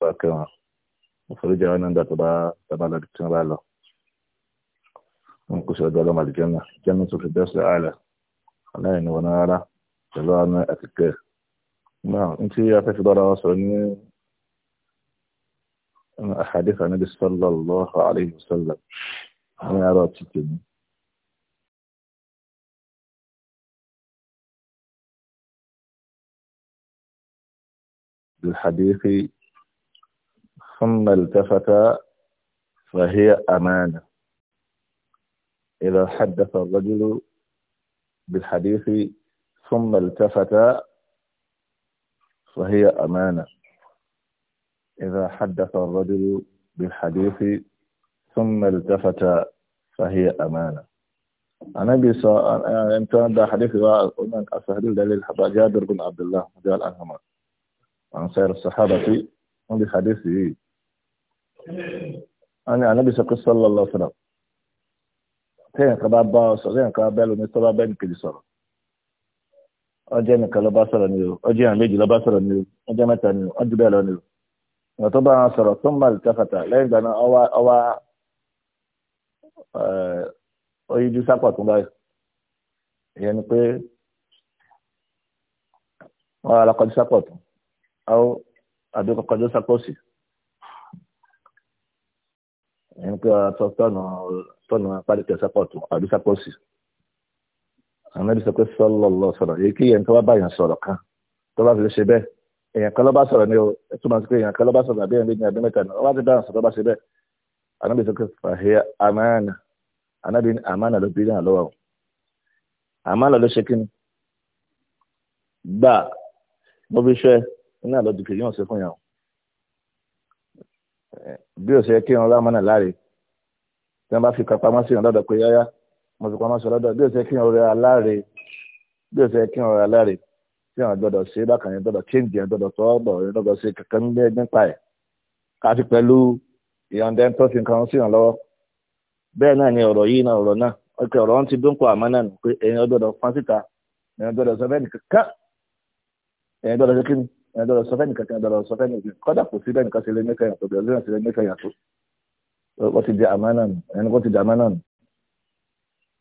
bá kẹ́ wọn mo foríjì àwọn nígbà tó bá tábà lọ tí wọ́n bá lọ wọn kò sí ọjọ́ ọlọ́mọ àlùjẹ́nà jẹ́nà tó fi bẹ́sẹ̀ àlẹ́ aláìní ní wọn rárá pẹ̀lú àwọn àtìkẹ́ náà n tí a fẹ́ fi bára wa sọ ní àhàdífà níbi sallallahu alayhi wa sallam ní àárọ̀ títì ní الحديث ثم التفت فهي أمانة إذا حدث الرجل بالحديث ثم التفت فهي أمانة إذا حدث الرجل بالحديث ثم التفت فهي أمانة أنا صلى الله عليه وسلم حديث من أسهل دليل جابر بن عبد الله رضي الله عن سير الصحابة من حديثه wọn ní ànábì sọ pé sọlọ lọ sọ̀rọ̀ téèyàn kan bá bá ọ sọ̀rọ̀ téèyàn kan bá lómi tó bá nìkejì sọrọ nìkan bá ni o ọjọ́ ìyàn méjì ló bá ni o ọjọ́ mẹ́ta ni o lọ ni o ìwọ̀n tó bá wọn sọ̀rọ̀ tó ń bá lè tẹ́fàtà lẹ́yìn ìgbà náà ọwá ọwá oyinjú sápọ̀ tó báyìí ìyẹn ni pé wọ́n alákọ̀ọ́jú sápọ̀ tó àbí sí ẹni pé ọ̀rọ̀ tọ́nà tọ́nà pálíkẹ̀ sápọ̀tù àbí sápọ̀sì ànábi sọ pé sọlọ́lọ́ sọ̀rọ̀ èyí kí èèyàn tó bá báyàn sọ̀rọ̀ kan tó bá fi lè ṣe bẹ́ẹ̀ èèyàn kan ló bá sọ̀rọ̀ ni o túmọ̀ sí pé èèyàn kan ló bá sọ̀rọ̀ àbí èèyàn lé ní àbí mẹ́ta ni ọba ti dáhùn sọ̀rọ̀ bá ṣe bẹ́ẹ̀ ànábi sọ pé fàhíà àmánà ànábi ní àmánà ló bí náà a àmánà ló ṣe a gbà mo fi ṣe iná lọ́dún kì yóò ṣe fún yàn o Eh, bí o ṣe kí irun lámọ́nà láre tí wọ́n bá fi kan pamọ́ sí irun lọ́dọ̀ pé yáyá mo fi pamọ́ sí bí o ṣe kí irun rẹ̀ aláre bí o ṣe kí irun rẹ̀ aláre tí wọ́n gbọ́dọ̀ ṣe bákan yẹn gbọ́dọ̀ change gbọ́dọ̀ tọ́ ọ̀bọ̀ yẹn gbọ́dọ̀ ṣe kankan ní nípa ẹ̀ pẹ̀lú tó fi kan sí lọ́wọ́ ẹ̀ dọ̀rọ̀ sọ fẹ́ni kankan dọ̀rọ̀ sọ fẹ́ni kankan kọ́dà kò sí bẹ́ẹ̀ kan ṣe lé mẹ́fẹ́ yàtọ̀ bẹ̀rẹ̀ lẹ́yìn ṣe lé mẹ́fẹ́ yàtọ̀ wọ́n ti di àmánà nù ẹni kó ti di àmánà nù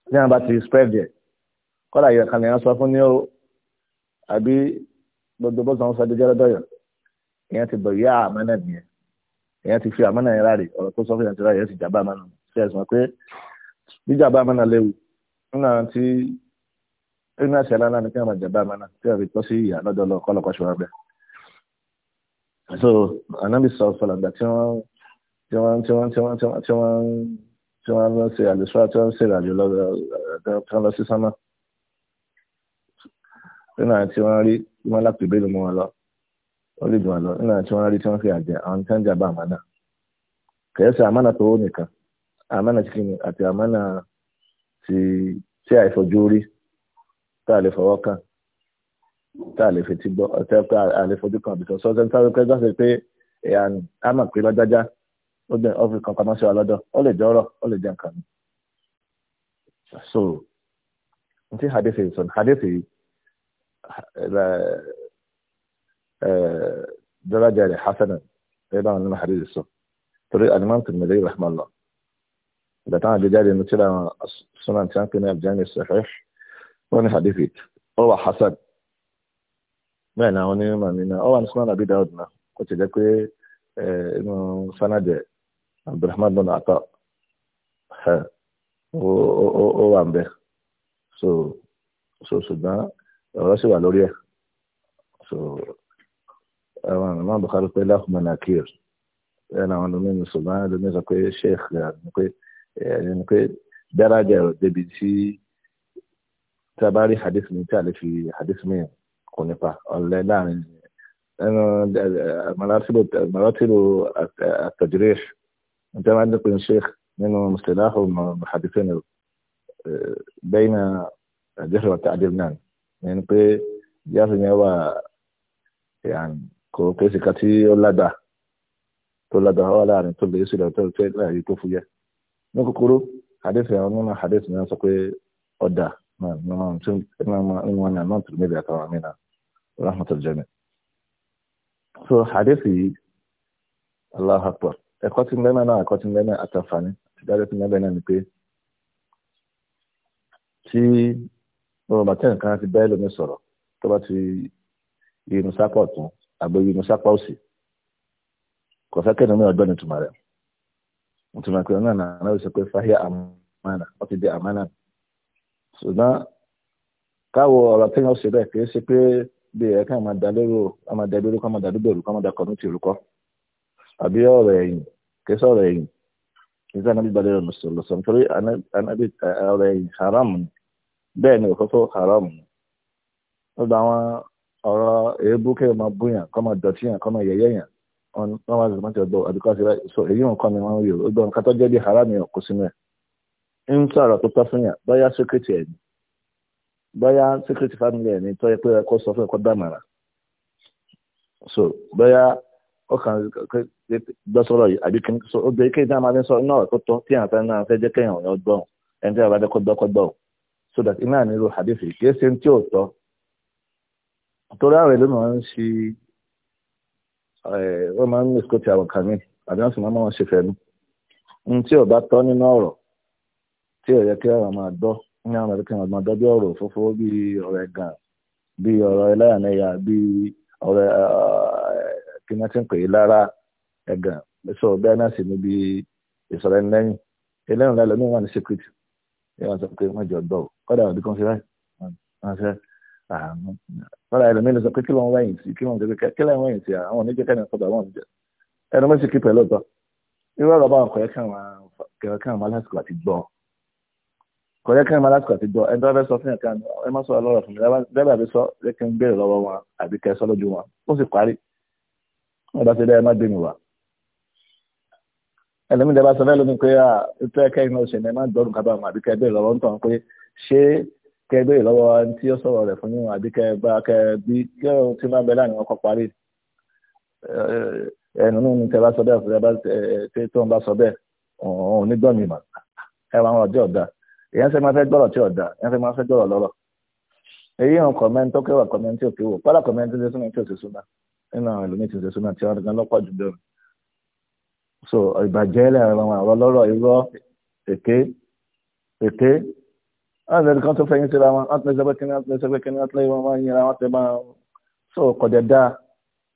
tí wọ́n bá ti spread yẹ kọ́dà yẹ kan lè yan sọ fún ní o àbí gbogbo bó sàn sọdí jẹ́rọ́ dọ̀yọ̀ ìyẹn ti bọ̀ yá àmánà nìyẹn ìyẹn ti fi àmánà yẹn ráre ọ̀rọ̀ tó sọ fún yàtọ̀ yẹn ti jàbá àmánà ṣe ẹ̀sùn pé jíjàbá àmánà léwu nínú àwọn tí inú àṣẹ aláǹlá ni kí sí ìyá so anabi sọ sọlá gbà tí wọ́n tí wọ́n tí wọ́n tí wọ́n tí wọ́n tí wọ́n tí wọ́n lọ sí àlùsọ́ra tí wọ́n ṣe ìrìnàjò lọ́dọ̀ lọ sí sánmà nínú àwọn tí wọ́n rí tí wọ́n lápè bẹ́ẹ̀ ló mú wọn lọ wọ́n lè dùn wọn lọ nínú àwọn tí wọ́n rí tí wọ́n fi àjẹ àwọn tí wọ́n jà bá àmánà kẹ̀yẹ́sì àmánà tó nìkan àmánà ti kìnnì àti àmánà ti tí àìfọjú rí tá a lè fọwọ́ kàn tá a lè fetí gbọ́ ọ̀tẹ́ pé a lè fojú kan bìtọ̀ sọ́ọ́ sẹ́ni sáré pé gbọ́sẹ̀ pé ẹ̀yà ni a mọ̀ pé lọ́jájá ó bẹ̀ ọ́fíì kan pamọ́ sí wa lọ́dọ̀ ó lè jọ́rọ̀ ó lè jẹ́ nǹkan mi. so n tí hadith yìí sọ ní hadith yìí daraja rẹ̀ hasanan ẹ̀ bá wọn nínú hadith yìí sọ torí alimami Tirmidhi rahmanullah ìgbà táwọn àgbéjáde ní tíra sunan tí wọn pè hasan bẹ́ẹ̀ ni àwọn onímọ̀ mi náà ọwọ́ àníṣúná nàbí dáhùn náà ó ti jẹ́ pé inú sanadẹ abdulrahman bin ata ó wà ń bẹ so so ṣùgbọ́n ọ̀rọ̀ sì wà lórí ẹ̀ so àwọn àmọ́ Bukhari pé láhùnmọ́ náà kíyè ẹ̀ náà àwọn onímọ̀ ṣùgbọ́n ẹlòmíín sọ pé sheikh ni pé ẹni ni pé dáradẹ̀ débi tí tábàárí hadith mi tí a lè fi hadith mi kò nípa ọ̀lẹ́ láàrin ẹnu mọ̀látìlú àtàjírẹ́ṣ níta máa ń dín pín sheikh nínú mùsùlùmáhù mahadifin bẹ́yìn àjẹsọ̀ àtàdé náà ní pé jáfe yẹn wà kò kéṣì kan tí ó lágbàá tó lágbàá wà láàrin tó lè sílẹ̀ tó tẹ́ láàyè tó fúyẹ́ ní kúkúrú hadith yẹn nínú hadith yẹn sọ pé ọ̀dà náà nínú àwọn tí wọ́n náà náà tìrìmẹ́lì àtàwọn mìíràn rahmatul jami so hadithi yìí allah akbar ẹ̀kọ́ tí mẹ́mẹ́ náà ẹ̀kọ́ tí mẹ́mẹ́ àtàǹfààní ti dájọ́ tí mẹ́mẹ́ náà ni pé tí ọmọ bàtẹ́ẹ̀ kan ti bẹ́ẹ̀ lómi sọ̀rọ̀ tó bá ti yinú sápọ̀ tún àbí yinú sápọ̀ òsì kò fẹ́ kẹ́ni ní ọjọ́ ní tùmọ̀ rẹ̀ tùmọ̀ pé náà náà náà sọ pé fáyà àmàna wọ́n ti di àmàna ṣùgbọ́n káwọ ọ̀rọ̀ tẹ́yìn ọ̀sẹ̀ bẹ́ẹ̀ kì í ṣe pé bí ẹ̀ka máa dá lérò ká máa máa máa àbí ẹ̀yìn kẹsí ọ̀rọ̀ ẹ̀yìn nígbà náà bíbá lérò lọ́sọ̀lọ́sọ̀ nítorí ọ̀rọ̀ ẹ̀yìn haram ni bẹ́ẹ̀ ni òfófó haram ni ó gba àwọn ọ̀rọ̀ èébú kẹ́ máa kọ́ máa dọ̀tí yàn kọ́ máa yàn wọ́n o ó gbọ́ jẹ́ bí haram yàn kó sínú ẹ̀ ń sọ̀rọ̀ tó tọ́ fún yàn ẹ̀ bóyá secret family ẹ̀ ní tó yẹ pé ẹ kọ́ sọ fún ẹ kọ́ dámọ̀ràn so bóyá ọkàn gbọ́ sọ́rọ̀ yìí àbí kí n sọ ó gbé kí n náà máa ní sọ náà tó tọ́ tí àwọn afẹ́rẹ́ náà fẹ́ jẹ́ kéèyàn ọ̀yàn gbọ́n ẹni tí a bá dẹ́kọ́ gbọ́kọ́ gbọ́ so that iná nílò hadith kì í ṣe tí ò tọ́ torí àwọn ìlú máa ń ṣe wọ́n máa ń ní skoti àwọn kan mi àbí wọ́n sì máa ń ṣe fẹ́nu n tí ò bá tọ́ nínú ọ̀rọ̀ tí ò yẹ kí àwọn máa gbọ́ ní àwọn àdúgbò ọgbọ́n dọ́bí ọ̀rọ̀ òfófó bíi ọ̀rọ̀ ẹ̀gàn bíi ọ̀rọ̀ ẹlẹ́yàmẹ̀yà bíi ọ̀rọ̀ kí wọ́n ti ń pè é lára ẹ̀gàn sọ bẹ́ẹ̀ náà sì níbi ìsọ̀rọ̀ ẹni lẹ́yìn eléyìn rẹ lọ́mọ wà ní secret yóò sọ pé wọ́n jọ gbọ́ kọ́dà ọ̀dí kan ṣe báyìí wọ́n ṣe àánú kọ́dà ẹlòmíràn sọ pé kí lóun wáyìn sí kí lóun jẹ́ pé kí lóun wáyìn sí àwọn oníjẹ́ kẹ́ni kọ̀yẹ́ kẹ́rin máa lásìkò àti jọ ẹni tó bá fẹ́ sọ fún ẹ̀ka ẹ má sọ̀rọ̀ lọ́rọ̀ fún mi bẹ́ẹ̀ àbí sọ ẹ kí n béèrè lọ́wọ́ wọn àbí kẹ́ ẹ sọ lójú wọn ó sì parí wọn bá ṣe bẹ́ẹ̀ má gbé mi wá. ẹlẹ́mi ìjọba sọ fẹ́ẹ́ lómi pé à ètò ẹ̀ka iná ṣe ni ẹ má dọ́rùn kábà wọn àbí kẹ́ ẹ béèrè lọ́wọ́ ń tàn pé ṣé kẹ́ ẹ béèrè lọ́wọ́ ẹni tí ó sọ̀rọ̀ rẹ̀ fún yín àbí kẹ́ ẹ bá kẹ́ ẹ bí yóò ti máa bẹ láàrin ọkọ̀ parí ẹnu ní tẹ́ bá sọ bẹ́ẹ̀ fún ẹ bá tẹ́ tó ń bá sọ bẹ́ẹ̀ òun ò ní gbọ́n mi mà ẹ wà wọn ọjọ́ èyàn ṣe máa fẹ́ gbọ́rọ̀ tí ọ̀dà èyàn ṣe máa fẹ́ gbọ́rọ̀ lọ́rọ̀ èyí hàn kọ̀mẹ́ntì tó kẹwàá kọ̀mẹ́ntì òkè wò kọ́lá kọ̀mẹ́ntì tó súnmọ́ tí ò ti súnmọ́ nínú àwọn ẹlòmíì tí ò ti súnmọ́ tí wọ́n gan lọ́pọ̀ jù bẹ́ẹ̀ so ìbàjẹ́ lẹ́yìn àwọn àwọn lọ́rọ̀ irọ́ èké èké wọ́n lè kán tó fẹ́yìn síra wọn wọ́n ti sọ pé kíní wọ́n ti sọ pé kíní wọ́n ti lé wọn wọ́n yẹra wọ́n ti máa so kọ̀dẹ̀ dá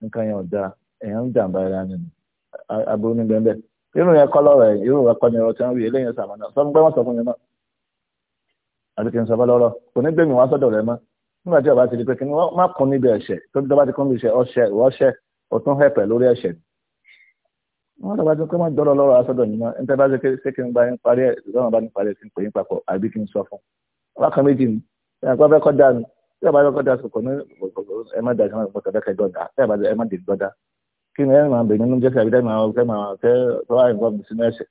nǹkan yẹn ò dá èèyàn ń jàǹbá ara nínú aburú níbẹ̀ bẹ́ẹ̀ irú yẹn kọ́ lọ́rọ̀ yẹn irú yẹn kọ́ ni ọ̀rọ̀ tí wọ́n wí àti kí n sọ fọlọ́rọ́ kò ní gbẹ̀mí wá sọ́dọ̀ rẹ mọ́ nígbà tí ọba ti di pé kí ni wọ́n má kún níbi ẹ̀ṣẹ̀ tó ti dọ́ba ti kún níbi ẹ̀ṣẹ̀ ọ̀ṣẹ̀ ìwọ́ṣẹ̀ ó tún hẹ̀pẹ̀ lórí ẹ̀ṣẹ̀ wọ́n dọ̀bà tí kò má dọ́rọ̀ lọ́rọ̀ asọ́dọ̀ nínú ẹni tẹ́ bá ṣe ṣé kí n bá ń parí ẹ̀ lọ́wọ́ bá ń parí ẹ̀ sí ń pè yín papọ̀ àbí kí n sọ fún wákàn méjì ni ẹ̀ àgbà fẹ́ kọ́ da ni tí ọba fẹ́ kọ́ da sọ̀kọ̀ ní ẹ má da ìṣẹ́ ọ̀pọ̀ tẹ̀lé kẹ́ dọ̀dà tí ọba ẹ má dè dọ̀dà kí ni ẹ máa bẹ̀rẹ̀ nínú jẹ́sẹ̀ àbí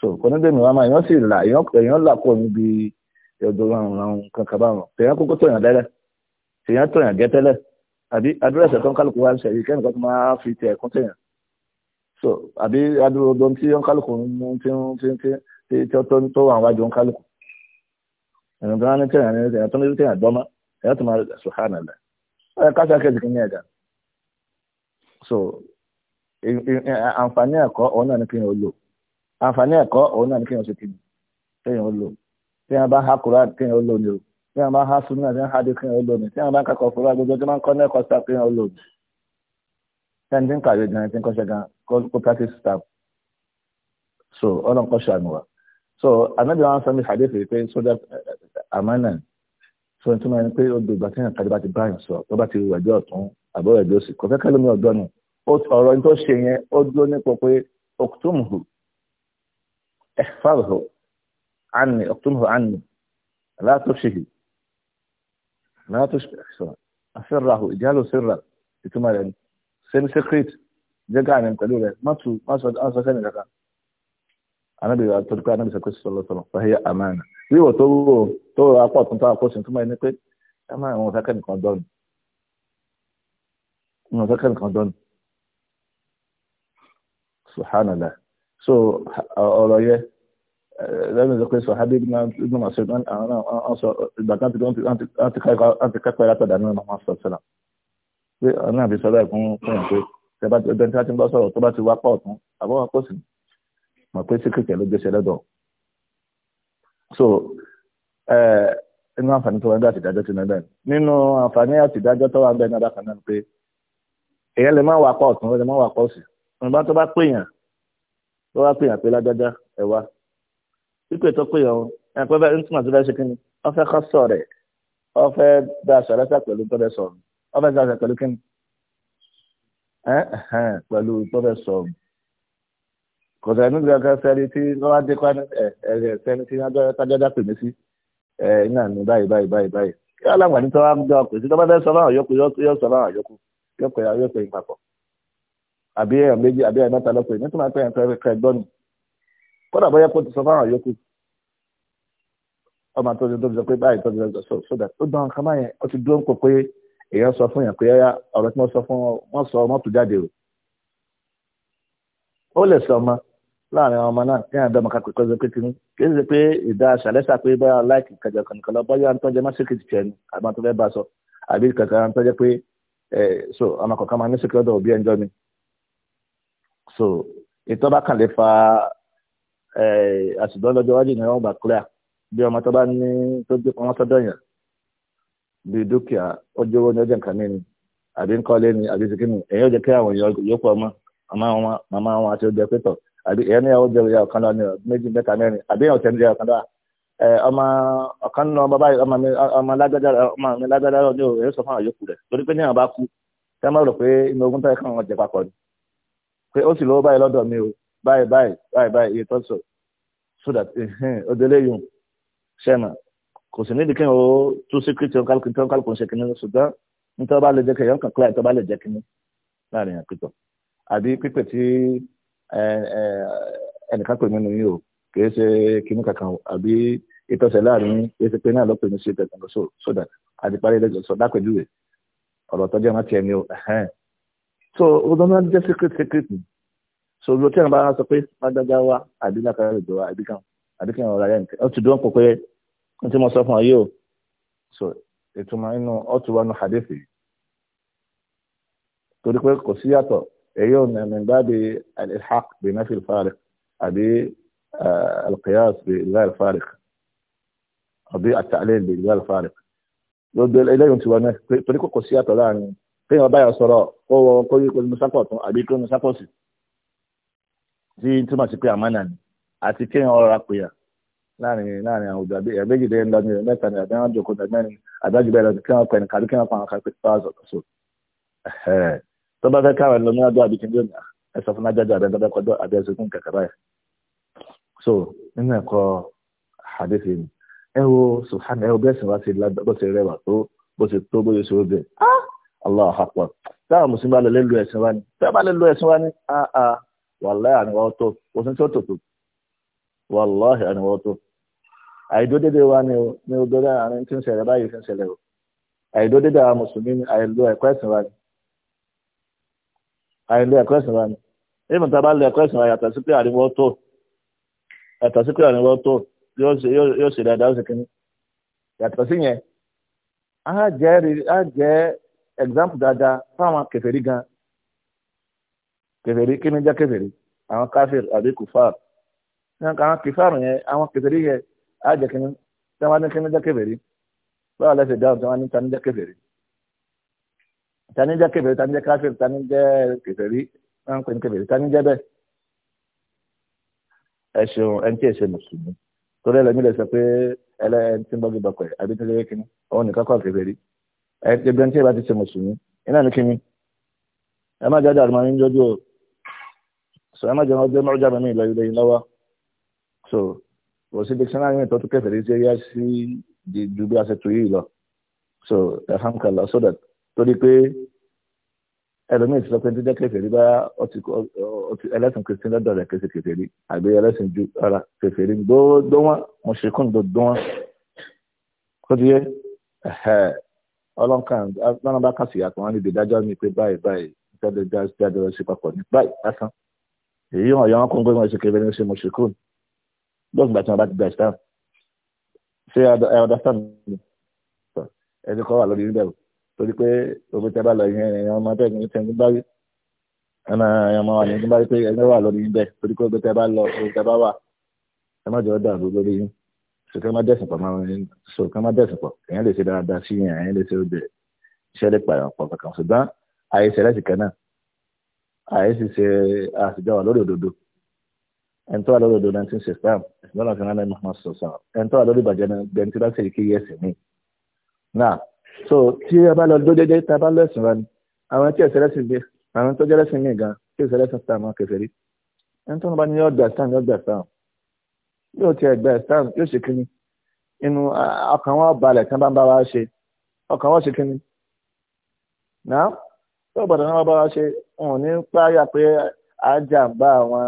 so kọ́nẹ́dẹ̀mí wa máa èèyàn sì là èèyàn là kọ́ níbi ẹ̀dọ̀ ràn kankan bá wọn tèèyàn kókó tọ̀yàn dẹ́rẹ́ tèèyàn tọ̀yàn gẹ́tẹ́lẹ̀ àbí àdírẹ́sì ẹ̀tọ́ kálukú wa ń ṣe yìí kẹ́nìkan tó máa fi tẹ̀ ẹ̀kún tèèyàn so àbí adúrógbó tí ó ń kálukú mú tí ó ń tó àwọn àjọ ń kálukú ẹ̀rọ gan ni tẹ̀yàn ni tẹ̀yàn tó ní tẹ̀yàn dọ́mọ́ ẹ̀yà tó máa sùhánà lẹ̀ ẹ̀ káṣá kẹ́sì kí ní ẹ̀dá so àǹfààní ẹ̀kọ́ òun náà ní kéèyàn ṣe kìnnì kéèyàn ó lò kéèyàn bá ha kúrò kéèyàn ó lò ní o kéèyàn bá ha sunú àti ha dé kéèyàn ó lò ní kéèyàn bá ń kakọ̀ fúra gbogbo tí wọ́n ń kọ́ ní ẹ̀kọ́ staff kéèyàn ó lò ní. sẹ́ni tí ń kàwé gan tí ń kọ́ṣẹ́ gan kó practice staff so ọlọ́run kọ́ṣẹ́ àmì so anabi wa sọ mi hadith yìí pé so that amana so n túmọ̀ ẹni pé ó dùgbà tí nǹkan bá ti bá yàn sọ tó bá ti wẹ̀jọ́ ọ̀tún àbọ̀wẹ̀jọ́ sí kò fẹ́ kẹ́lómi ọ̀dọ́ ni ọ̀rọ̀ ní tó ṣe احفظه عني اقتله عني لا تفشه لا تشبه أسره اجهله سرا يتم يعني سيب سكريت جاء عن يمتلوله ما تو ما سوى أنسى كان لك أنا بي أتركوا أنا بي صلى الله عليه وسلم فهي أمانة wíwọ̀ تو wúwo tó apá ọ̀tún tó apá ọ̀tún tó máa ní pé ẹ máa wọn sákẹ́ nìkan so ọ̀rọ̀ yẹ eh, lẹ́yìn ìzọ pé sọ habib náà ibùdó màá sọ àwọn náà sọ ìgbà kan ti dán ti kápẹ́ látọ̀dà nínú àwọn sọ sílẹ̀ pé ọ̀nà àbí sọ bẹ́ẹ̀ fún fún ìpè tẹ́bá tí ọdún tí wọ́n ti ń bá sọ̀rọ̀ tó bá ti wá pọ̀ tún àbọ̀ wá pọ̀ sí mọ̀ pé sí kìkẹ́ ló gbéṣẹ́ lọ́dọ̀ so eh, inú àǹfààní tó wà nígbà àtìdájọ́ ti náà bẹ́ẹ̀ nínú àǹfààní àtìdájọ́ tó wà ń bẹ́ẹ̀ náà bákan náà pé èèyàn lè má wà pọ̀ tún lè má wà pọ̀ sí ọ̀nà tó bá pèèyàn wọ́n wá pè yàn pé lágbájá ẹ̀ wá pípẹ́ tó pè yàn ẹ̀ pẹ́ bẹ́ẹ̀ ntúmọ̀ tó fẹ́ ṣe kí ni wọ́n fẹ́ kọ́ sọ rẹ̀ wọ́n fẹ́ da sọ̀rẹ́sà pẹ̀lú tó fẹ́ sọ̀rọ̀ wọ́n fẹ́ sọ̀rẹ́sà pẹ̀lú kí ni pẹ̀lú tó fẹ́ sọ̀rọ̀ kò sẹ́ ní ìgbà kan sẹ́ni tí wọ́n wá dé kwani ẹ̀ sẹ́ni tí lágbájá pè mí sí ẹ̀ ní àná báyìí báyìí báyìí báyìí kí alágbàní tó wá gbọ́ pèsè tó bá fẹ́ sọ àbí ẹ̀yàn méjì àbí ẹ̀yàn mẹ́ta lọ́pọ̀ èmi tó máa ń pẹ́ yẹn fẹ́ kẹ́ gbọ́ ni kódà bóyá kó ti sọ fáwọn yòókù ọmọ tó ti sọ pé báyìí tóbi sọ so that ó dán kama yẹn ó ti dúró ń pò pé èèyàn sọ fún yẹn pé ọ̀rọ̀ tí wọ́n sọ fún wọn sọ ọmọ tó jáde o ó lè sọ ọmọ láàrin ọmọ náà kí ẹ̀yàn dọ́mọ kakọ̀ kọ́sọ́ pé kínní kí ṣe pé ìdá ṣàlẹ́sà pé bóyá láìkì kẹjọ kànìkan lọ bóyá ń tọ́jú mọ́síkì tiẹ̀ ni àbí wọn tó fẹ́ bá sọ àbí kàkà ń tọ́jú pé so ọmọ kọ̀ọ̀kan máa ní sèkúrọ́dọ̀ òbí ẹ̀ńjọ́ mi so ètò bá kàn lè fa àṣùgbọ́n lọ́jọ́ iwájú ni wọ́n gbà clear bí ọmọ tó bá ní tó gbé pamọ́ sọ́dọ̀ yẹn bí dúkìá ọjọ́ owó ní ọjọ́ nǹkan ní ni àbí nkọ́lé ni àbí sikini èyí ò jẹ́ kí àwọn èèyàn yòókù ọmọ màmá wọn màmá wọn àti oúnjẹ pẹ̀tọ̀ àbí èyí ní ìyàwó jẹun ìyàwó kan lọ ní méjì mẹ́ta mẹ́rin àbí èèyàn tẹ̀lé ìyàwó kan lọ ọmọ ọ̀kan nínú ọmọ báyìí ọmọ mi ọmọ lágbájá ọmọ mi lágbájá ọjọ́ èyí sọ fún àwọn yòókù rẹ̀ torí pé ní àwọn bá kú tẹ́ mọ̀ rò pé inú ogun tó yẹ káwọn jẹ papọ̀ ni pé ó sì lówó báyìí lọ́dọ̀ mi o báyìí báyìí báyìí báyìí iye tó sọ so that eh, eh, ó délé yùn ṣẹ́nà kò sì nídìí kí n ò tú síkírìtì ọ̀nkálùkù tí ọ̀nkálùkù ń ṣe kìnní ṣùgbọ́n nítorí bá lè jẹ́ kẹ̀yọ́ kan kíláà tó bá lè jẹ́ kìnní láàrin àpìtọ̀ àbí pípẹ́ tí eh, ẹnìkan pè mí nù yìí o kìí ṣe kìnní kankan o àbí ìtọ́sẹ̀ láàrin kìí ṣe pé náà lọ́pẹ̀ mi ṣe tẹ̀sán so that àdìparí ẹlẹ́jọ́ sọ dápẹ́júwe ọ̀rọ̀ tọ́jú ẹ̀ má tiẹ̀ ni o so ọdún náà jẹ́ secret secret ni so ló tí àwọn bá sọ pé lágbájá wa àbí lákàrà ìjọ wa àbí kan àbí kan ọ̀rọ̀ ayé nǹkan ọtún dúró pọ̀ pé n tí mo sọ fún ọ yìí so ìtumọ̀ inú ọtún wa nù hadithi torí pé kò sí yàtọ̀ èyí ò nàmì báàbí al-ilhaq bí nafi al-fariq àbí al-qiyas bí ilá àbí at-ta'lil bí ilá al-fariq ló gbé eléyìí tí torí pé kò sí yàtọ̀ láàrin kéèyàn báyọ̀ sọ̀rọ̀ kó wọ kó yí kóni musápọ̀ tún àbí kó musápọ̀ sí tí túmọ̀ sí pé àmánà ni àti kéèyàn ọ̀rọ̀ àpèyà láàrin láàrin àwọn òjò àbẹ́jì dé lọ ní mẹ́ta ní àbẹ́wọ́n jòkó mẹ́rin àbẹ́jì bẹ́ẹ̀ lọ sí kéèyàn pẹ̀lú kàbí kéèyàn pa àwọn kàbí pa àwọn sọ̀tọ̀ tó bá fẹ́ káwọn ẹni lọ́mọ àdó àbí kìnìún ẹ sọ fún ajájọ àbẹ́ tọ́bẹ́ kọjọ́ àbẹ́ ẹ̀sùnkún so nínú ẹ̀kọ́ hadith ni ẹ wo subhanahu ẹ wo bẹ́ẹ̀ sì wá sí rẹwà allah akpọ̀ táwọn mùsùlùmí alẹ́ lẹ́lu ẹ̀sìn wa ni tẹ́ bá lẹ́lu ẹ̀sìn wa ni aa wàláhì àníwá ọ̀tọ̀ òsín tí ó tòtò wàláhì àníwá ọ̀tọ̀ àìdódédé wa ni o ní o dọ́dá àárín tí ń ṣẹlẹ̀ báyìí fi ń ṣẹlẹ̀ o àìdódédé àwọn mùsùlùmí ni àìlú ẹ̀kọ́ ẹ̀sìn wa ni àìlú ẹ̀kọ́ ẹ̀sìn wa ni èèmù tá a bá lu ẹ̀kọ́ ẹ̀sìn wa yàtọ̀ sí pé àníwá ọ̀tọ̀ yàtọ̀ example dáadáa fáwọn kèfèrí gan kèfèrí kí ni jẹ́ kèfèrí àwọn káfíìr àbí kùfàr àwọn kùfàr yẹn àwọn kèfèrí yẹn á jẹ́ kí ni tí wọ́n ní kí ni jẹ́ kèfèrí báwo lẹ́sẹ̀ dáhùn tí wọ́n ní tani jẹ́ kèfèrí tani jẹ́ kèfèrí tani jẹ́ káfíìr tani jẹ́ kèfèrí wọ́n ń pè ní kèfèrí tani jẹ́ bẹ́ẹ̀ ẹ ṣeun ẹ ń tí ẹ ṣe mùsùlùmí torí ẹlẹ́mí lè sọ pé ẹlẹ́ẹ̀ tí ń bọ́ gbé bọ́kọ̀ ẹ̀ àbí tí ó lè kí ni òun nìkan kọ́ kèfèrí ẹgbẹ́ tí ẹ bá ti ṣe mùsùlùmí iná ní kíni ẹ má jáde àrùmọ́ yín jọjú o so ẹ má jẹun ọjọ́ mọ́rọ́jà mi ìlọ ilé yín lọ́wọ́ so kò sí dictionary mi tọ́tù kẹfẹ́ létí ẹyá sí ju bí a ṣe tu yìí lọ so ẹ hàn kàn lọ so that torí pé ẹlòmíì ti sọ pé jíjẹ́ kẹfẹ́ rí bá ẹlẹ́sìn kristi lọ́dọ̀ rẹ̀ kẹsì kẹfẹ́ rí àbí ẹlẹ́sìn ju ara kẹfẹ́ rí gbogbo wọn mo ṣe kún ọlọ́nkà lọ́nà bá kà sí ìyàtọ̀ wọn níbi ìdájọ́ mi pé báyìí báyìí ìtọ́jú jáde lọ sí papọ̀ ní báyìí lásán èyí wọn yọ wọn kó ń gbé wọn ṣe kébé ní ṣe mo ṣe kúrò lọ́gbà tí wọn bá ti gba ìsìlámù ṣé ẹ understand mi ẹni kọ́ wà lórí níbẹ̀ o torí pé òbí tẹ́ bá lọ yẹn ẹ̀yàn ọmọ bẹ́ẹ̀ ní tẹ́ni bá rí ẹ̀nà ẹ̀yàn ọmọ wà ní bá rí pé ẹni wà lórí níbẹ̀ torí pé òbí tẹ́ bá lọ òbí tẹ́ bá wà ẹ má jọ dàrú lórí yín sọ̀kẹ́ má dẹ̀sìn pọ̀ máa ń sọ̀kẹ́ má dẹ̀sìn pọ̀ èèyàn lè ṣe dáadáa sí yẹn èèyàn lè ṣe oúnjẹ iṣẹ́ lè pààyàn pọ̀ kankan ṣùgbọ́n àìsè láti kan náà àìsè ṣe àṣìjáwà lórí òdodo ẹni tó wà lórí òdodo nineteen sixty five ẹ̀sìn lọ́nà kan náà máa sọ sọ ẹni tó wà lórí ìbàjẹ́ bẹ́ẹ̀ tí láti kí yẹ ẹ̀sìn mi. náà so tí a bá lọ dó dédé tá a bá lẹ́sìn wa ni àwọn tí ẹ̀sẹ̀ lẹ́sìn bí àwọn tó jẹ́ lẹ́sìn mi gan tí ẹ̀sẹ̀ yóò ti ẹgbẹ islam yóò ṣe kíni inú ọkàn wọn balẹ̀ tán bá ń bá wa ṣe ọkàn wọn ṣe kíni náà yóò gbọ́dọ̀ náà bá wa ṣe wọn ò ní páyà pé ajá ń bá àwọn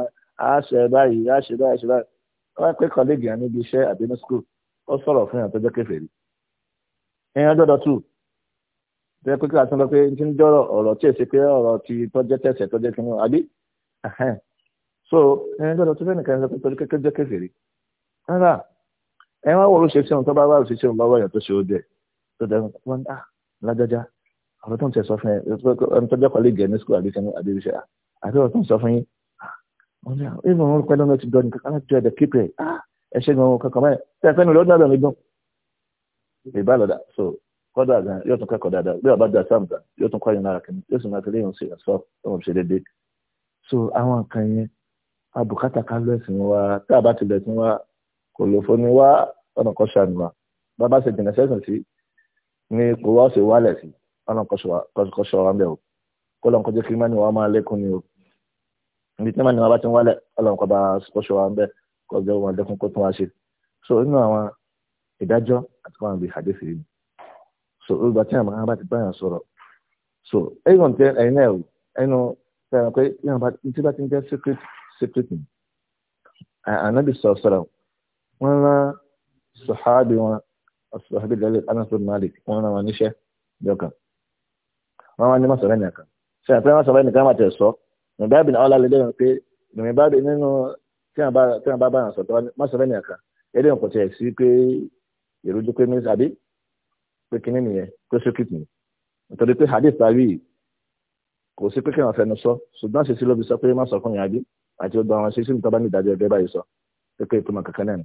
aṣẹ báyìí aṣẹ báyìí aṣẹ báyìí wọn pé kọlíìgì àní ibi iṣẹ́ àbí ní skul ó sọ̀rọ̀ fún yàtọ̀ jẹ kèfèrí èèyàn gbọ́dọ̀ tù tó yẹ pé kí àtúntò pé ti ń jọrọ ọ̀rọ̀ tí èsì pé ọ̀rọ̀ ti tọjẹ tẹsẹ tọjẹ kí wọn àbí so èèyàn gbọ́dọ̀ tù fẹnìkan sọ pé torí kékeré jẹ kèfèrí rárá ẹ wá wọ olóṣèṣẹ ohun tó bá wá olóṣèṣẹ ohun lọ́wọ́ èèyàn tó ṣe ó dẹ tó dẹ wọn á ah, lájájá ọ̀rọ̀ tó ń tẹ sọ fún ẹ ẹni tó jẹ́ pẹ̀lú ìgẹ̀ ní skul àbíkẹ́ àbíbíṣẹ́ àti ọ̀rọ̀ tó ń sọ fún yín ah, wọn ní àwọn ah, ìmọ̀ orúkọ ẹlọ́nà ti dọ́ni kankan láti ẹ̀dẹ̀ kíkẹ́ ẹ ṣe gan kankan báyìí tẹ́ ẹ fẹ́ nu so kọ́dà gan yóò tún kẹ́kọ̀ọ́ dáadáa bí ọba dà sáàmùtà yóò tún kọ́yìn lára kìíní yóò sì máa tẹ̀lé ìhùnsí ẹ̀sọ́ so àwọn nǹkan yẹn abùkátà ká lọ ẹ̀sìn wa tá a bá tilẹ̀ tún wá kò lò fún ni wá ọ̀nà kan ṣàmìmá bàbá ṣe jìnnà sẹ́sìn sí ni kò wá ṣe wálẹ̀ sí ọ̀nà kan ṣọ̀rọ̀ ń bẹ̀ o kó lọ́n kọjá kí má ni wàá máa lékún ni o ibi tí má ni wàá bá ti ń wálẹ̀ ọlọ́run kọ́ bá ṣọ̀rọ̀ ń bẹ̀ kọjá wọn lékún kó tún wá ṣe so nínú àwọn ìdájọ́ àti wọn bí hadith yìí so olùgbà tí àwọn ará ti báyà sọ̀rọ̀ so ẹ̀yìn tẹ ẹ̀yìn náà ẹnu tẹ̀yìn pé tí secret secret anabi sọ̀rọ̀ sọ̀rọ̀ wọ́n rán sọ̀hábì wọn sọ̀hábì lẹ́lẹ̀ anasur malik wọ́n rán wọn níṣẹ́ lọ́kàn wọ́n wá ní mọ́sọ̀rọ̀ nìkan ṣe àpẹẹrẹ mọ́sọ̀rọ̀ nìkan máa tẹ̀ sọ nígbà bí ọlá lè dẹ́rùn pé nígbà bí nínú tí wọ́n bá bá yàn sọ̀tọ̀ mọ́sọ̀rọ̀ nìkan eré nǹkan tẹ̀ sí pé ìrújú pé ní àbí pé kíní nìyẹn pé sókìtì ni nítorí pé hadith tàbí kò sí pé kí wọn fẹnu sọ ṣùgbọ́n ṣe sí ló fi sọ pé má sọ fún yàrá bí àti gbogbo àwọn ṣe sí nítorí bá ní ìdájọ́ ẹgbẹ́ báyìí sọ pé pé ìtumọ̀ kankan náà ni.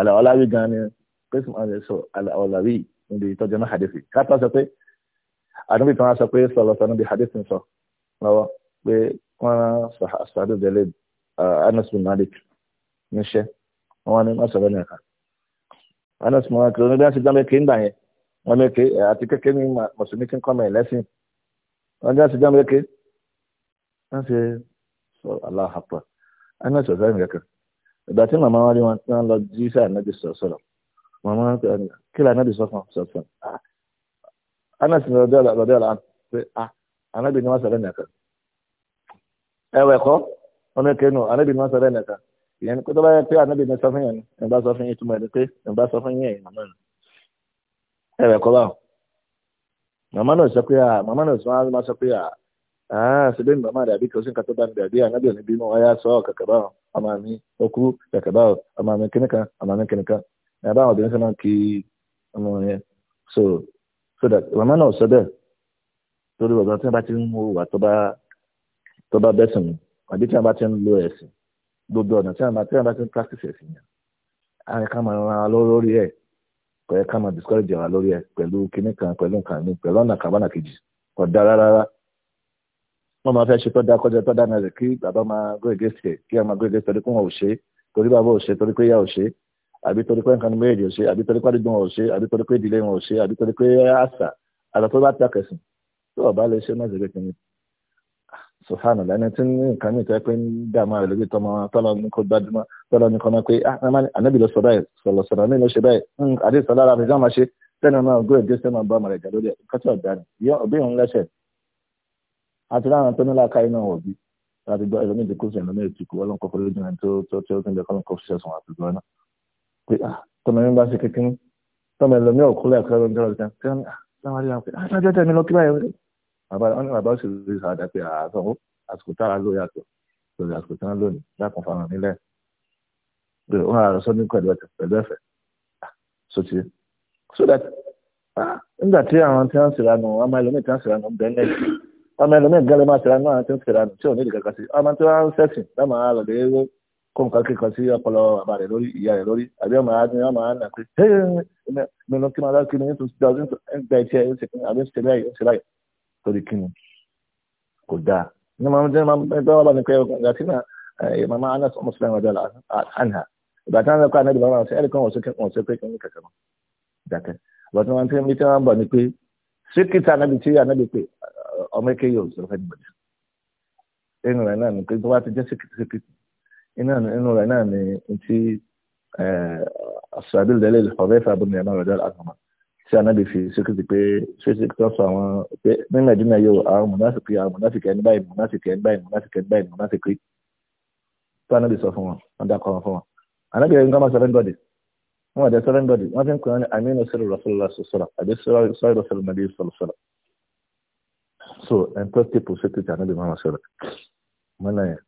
àlàọ́láwí gan ni pẹ́sì máa ń sọ àlàọ́láwí níbi ìtọ́jú náà hadithi kápá sọ pé àdúgbò tí wọ́n sọ pé sọlọ́sọ níbi hadithi sọ lọ́wọ́ pé wọ́n sọ àṣàdù délé Anas bin Malik níṣẹ́ wọ́n ní wọ́n sọ̀rọ̀ nìkan Anas bin Malik lónìí bí wọ́n ti dán mẹ́kẹ́ ńgbà yẹn wọ́n mẹ́kẹ́ àti kékeré ní mùsùlùmí kí ń kọ́mọ̀ ẹ̀lẹ́sìn wọ́n ní wọ́n ti dán mẹ́kẹ́ wọ́n ti sọ aláhàpọ̀ Anas sọ̀rọ̀ nìkan e tí màmá wa rí wọn tí wọ́n lọ jí sí ànábì sọ̀rọ̀ soso na pè ọ́nà kí lè ànábì sọ̀kan sọ̀kan anasi lọ́dọ̀ lọ́dọ̀ là pé ah, ànábì ni wọ́n sọ̀rọ̀ nìkan ẹ̀wẹ̀ kọ́ ọmọ kẹnu ànábì ni wọ́n sọ̀rọ̀ nìkan ìyẹn kó tó bá yẹ pé ànábì ni sọ fún yẹn ni ìbá sọ fún yẹn túmọ̀ ẹni pé ìbá sọ fún yẹn màmá nù ẹ̀wẹ̀ ah ṣe bẹ́ẹ̀ ni màmá rẹ̀ àbí kò sí nǹkan tó bá ń bẹ̀ àbí ànábì òní bínú ọ̀yá sọ kàkà báwọn ọmọ mi ọkú kàkà báwọn ọmọ mi kìnìkan ọmọ mi kìnìkan ẹ̀ báwọn obìnrin sọ náà kí so so that màmá náà sọ bẹ́ẹ̀ torí ọ̀gá tí wọ́n bá ti ń mú wà tó bá tó bá bẹ́sìn mu àbí tí wọ́n bá ti ń lo ẹ̀sìn gbogbo ọ̀nà tí wọ́n bá ti ń practice ẹ̀sìn yẹn àyè ká máa ran lórí ẹ̀ kò yẹ ká máa discourage wa lórí ẹ̀ pẹ̀lú kinní kan pẹ̀lú nǹkan ní pẹ̀lú ọ̀nà kàbánà kejì kò rárá wọ́n máa fẹ́ ṣe tó da kọjá tó da rẹ̀ kí bàbá máa go against ẹ̀ kí wọ́n máa go against torí pé wọn ò ṣe torí bàbá ò ṣe torí pé ìyá ò ṣe àbí torí pé nǹkan méjì ò ṣe àbí torí pé àdúgbò wọn ò ṣe àbí torí pé ìdílé wọn ò ṣe àbí torí pé àṣà àlọ́ tó bá ta kẹsàn tó ọ̀bá lè ṣe náà ṣe kìíní. sùhánù lẹ́ni tí nǹkan mi tẹ́ pé ń dààmú rẹ̀ lórí tọmọ tọ́lọ ní kó gbajúmọ̀ tọ́lọ ní kọ́ àti láwọn tó ní làákàyè náà wọ̀ bí láti gbọ́ ẹ̀rọ méje kó sì ẹ̀rọ méje tí kò wọ́n kọ́ fọ́lẹ́ jìnnà tó tó tó tó ń bẹ kọ́ lọ́n kọ́ fi ṣẹ̀sùn àti gbọ́ náà pé ah tọmọ ẹni bá ṣe kékeré tọmọ ẹlòmí ọ̀kúnlẹ̀ ẹ̀kọ́ ló ń jọrọ kan kí wọ́n ní àwọn ah, àríyá pé ah ṣáájú ẹ̀jẹ̀ mi lọ kí báyìí wọlé ah, ah, so that nígbà tí àwọn tí wọ́n ń sèrànù àwọn ọmọ ọmọ ẹlòmíì gẹ́lẹ́ máa tẹ̀lé náà ti ń tẹ̀lé àná tí ò ní ìdí kankan sí ọmọ tí wọ́n ń sẹ́sìn lọ́mọ àlọ́dẹ kó nǹkan kíkan sí ọpọlọ bàbá lori, lórí ìyá rẹ̀ lórí àbí ọmọ àádọ́ ọmọ àádọ́ me hey mi ló kí máa lọ́ọ́ kí ni nítorí ṣe ọdún ń gba ẹtí ẹ̀ se ń ṣe báyìí ń ṣe báyìí torí kí ni kò dáa ní máa ń jẹ́ máa ń bẹ́ wọ́n bá ní pé ọ̀gá tí náà màmá anas mùsùlùmí ọ̀dọ́ àná ìgbà tí wọ́n kọ́ àná ìdìbò àwọn ẹ̀rí kan wọ́n ṣe pé kí ni kẹ̀kẹ́ mọ́ ìgbà tí wọ́n ti ń bí tí wọ́n ń bọ̀ ni ọmọ eke yóò sọ fẹ́ gbọ̀dọ̀ inú rẹ̀ náà ni pé tó bá ti jẹ́ síkìtìsíkìtì inú rẹ̀ náà ni ti asabil dalẹ̀ ọ̀rẹ́ ìfàbùnú ẹ̀mọ́ rẹ̀ dọ́là àgbọ̀mọ́ tí anábì fi síkìtì pé síkìtì tó sọ àwọn pé ní nàìjíríà yóò àwọn mùnáfìkì àwọn mùnáfìkì ẹni báyìí mùnáfìkì ẹni báyìí mùnáfìkì ẹni báyìí mùnáfìkì tó anábì sọ fún wọn wọn dákọ̀ wọn fún wọn anábì yẹn ń gbọ́mọ seven body wọn ò dé seven body wọn fi ń kọ́ ẹni amínú sọ̀rọ̀ rasulillah sọ̀rọ̀ àdé sọ̀rọ̀ sọ̀rọ̀ rasulillah sọ̀rọ̀ so ẹn tó tèpù sékìtì ànábì máa sọ̀rọ̀ mọ́lẹ̀ yẹn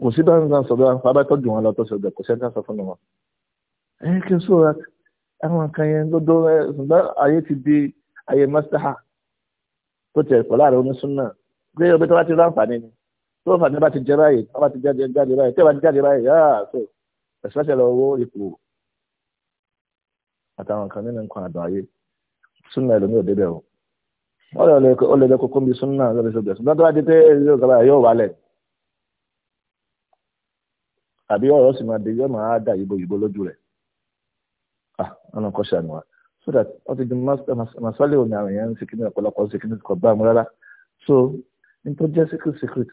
kò sí báyìí nǹkan sọ̀rọ̀ bàbá tọ́jú wọn lọ tó sọ̀rọ̀ kò sí ẹ̀ka sọ fún wọn. ẹ kí n sọ̀rọ̀ àwọn kan yẹn lọ́dọ̀ ẹ ṣùgbọ́n ayé ti di ayé mọ́sáhà tó tẹ̀ pọ̀ láàrin onísúnà pé ọbẹ̀ tó bá ti ráǹfààní ni tó ráǹfààní bá ti jẹ báyìí tó bá ti jáde jáde báyìí tẹ́ bá ti jáde báyìí yáà so especially owó ipò àtàwọn kan nínú nǹkan àdó ayé súnà ẹlòmíì ò débẹ̀ o wọ́n lè jẹ́ kókó bí súnmọ́ náà lọ́dọ̀ ṣọ́gbẹ̀ ṣùgbọ́n tó bá di pé ẹ̀rí ọ̀gá báyìí yóò wálẹ̀ àbí ọ̀rọ̀ sì máa di yóò máa dà yíbo yíbo lójú rẹ̀ ah ọ̀nà kọ́ ṣàánú wa so that wọ́n ti di masálẹ̀ òní àwọn èèyàn ń sìkìní ọ̀pọ̀lọpọ̀ sìkìní kò bá mu rárá so n tó jẹ́ secret secret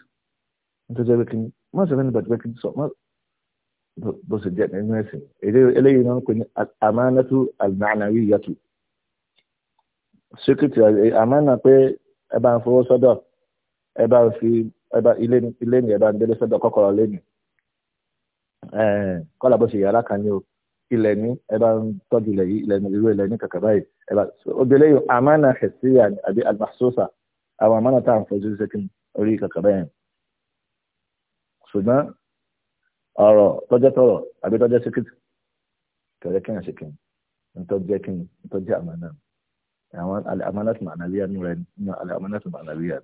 n tó jẹ́ pé kí ni má sọ fẹ́ni bàtí pé kí ni sọ má bó ṣe jẹ́ nínú ẹ̀sìn eléyìí náà ń pè ní amánátú al-ma'nawiyyatu secret àmánà pé ẹ bá ń fowó sọ́dọ̀ ẹ bá ń fi ilé ni ẹ bá ń délé sọ́dọ̀ kọ́kọ́rọ́ lé ni bó ṣe yàrá kan ní o ilẹ̀ ní ẹ bá ń tọ́jú ilẹ̀ yìí ilẹ̀ ní irú ilẹ̀ ní kàkà báyìí ẹ bá obìnrin yìí àmánà hẹ̀síyà àbí àgbàsósà àwọn àmánà tá à ń fojú sí kí orí kàkà báyìí ṣùgbọ́n ọ̀rọ̀ tọ́jọ́ tọ̀rọ̀ àbí tọ́jọ́ síkìtì kẹ̀rẹ́ kí n ṣe kí n àwọn amanat ma'nawiyya nínú rẹ̀ nínú amanat ma'nawiyya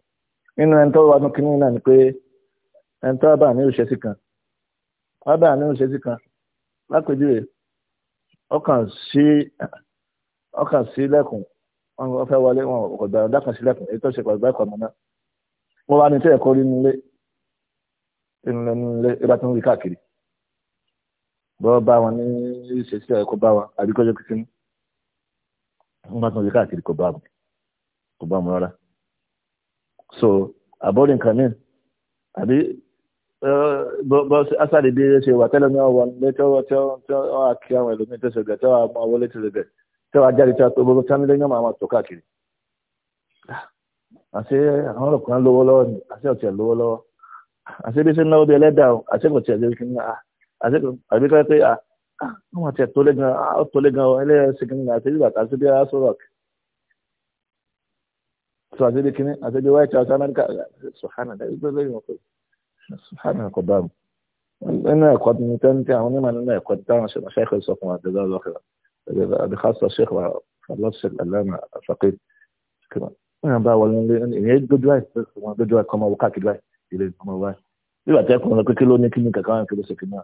nínú ẹni tó wà ní kínní náà ni pé ẹni tó bá ní òṣèṣì kan wọ́n bá ní òṣèṣì kan lápèjúwe ọkàn sí ọkàn sí lẹ́kùn wọ́n fẹ́ wọlé wọn ọ̀gbà ọ̀dà kan sí lẹ́kùn èyí tó ṣe pàgbà ẹ̀kọ́ mọ́ná wọ́n wá ní tí ẹ̀kọ́ rí nílé nílé nílé ẹgbà tó ń rí káàkiri bọ́ bá wọn ní ìṣesí ẹ̀kọ́ bá wọn àbíkọ́jọ́ kìkínní wọ́n bá tún ṣe káàkiri kò bá mu kò bá mu rárá so àbọ̀dé nǹkan mi àbí bọ́ asáde bí ṣe wà tẹ́lẹ̀ náà wà ní tẹ́wọ́ tẹ́wọ́ àkí àwọn ẹlòmíín tẹ́sẹ̀ gẹ̀ tẹ́wọ́ àwọn wọlé tẹ́sẹ̀ gẹ̀ tẹ́wọ́ ajáde tẹ́wọ́ tó gbogbo tánilé yàn máa tó káàkiri ah, àṣé àwọn ọ̀kan lówó lọ́wọ́ ni àṣé ọ̀tẹ̀ lówó lọ́wọ́ àṣé bí ṣe náwó bí ẹlẹ́dàá àṣé kò tiẹ̀ lé kí ní àwọn àti ẹ̀tọ́lé gan ọ̀tọ́lé gan ẹlẹ́sìn kan àti ìgbà àti bí aṣọ rock tó àti bí kíní àti bí white house amẹ́ríkà sùhánà ẹgbẹ́ lẹ́yìn ọ̀pẹ sùhánà ẹ̀kọ́ bá mi nínú ẹ̀kọ́ ní tẹ́ntẹ́ àwọn onímọ̀ nínú ẹ̀kọ́ táwọn ṣẹ́kọ̀ sọ fún wa àtẹ̀dá lọ́kẹ̀rẹ̀ àdìkásọ ṣẹ́kọ̀ wa lọ́sẹ̀ àlẹ́mà àfàkẹ́ kíkọ́ wọn bá wọlé nílé ìyẹn dojú àìsàn wọn dojú àìkọ́mọ wọ káàkiri báyìí ilé ìkọ́mọ báyìí bí bàtẹ́ kọ́ ọ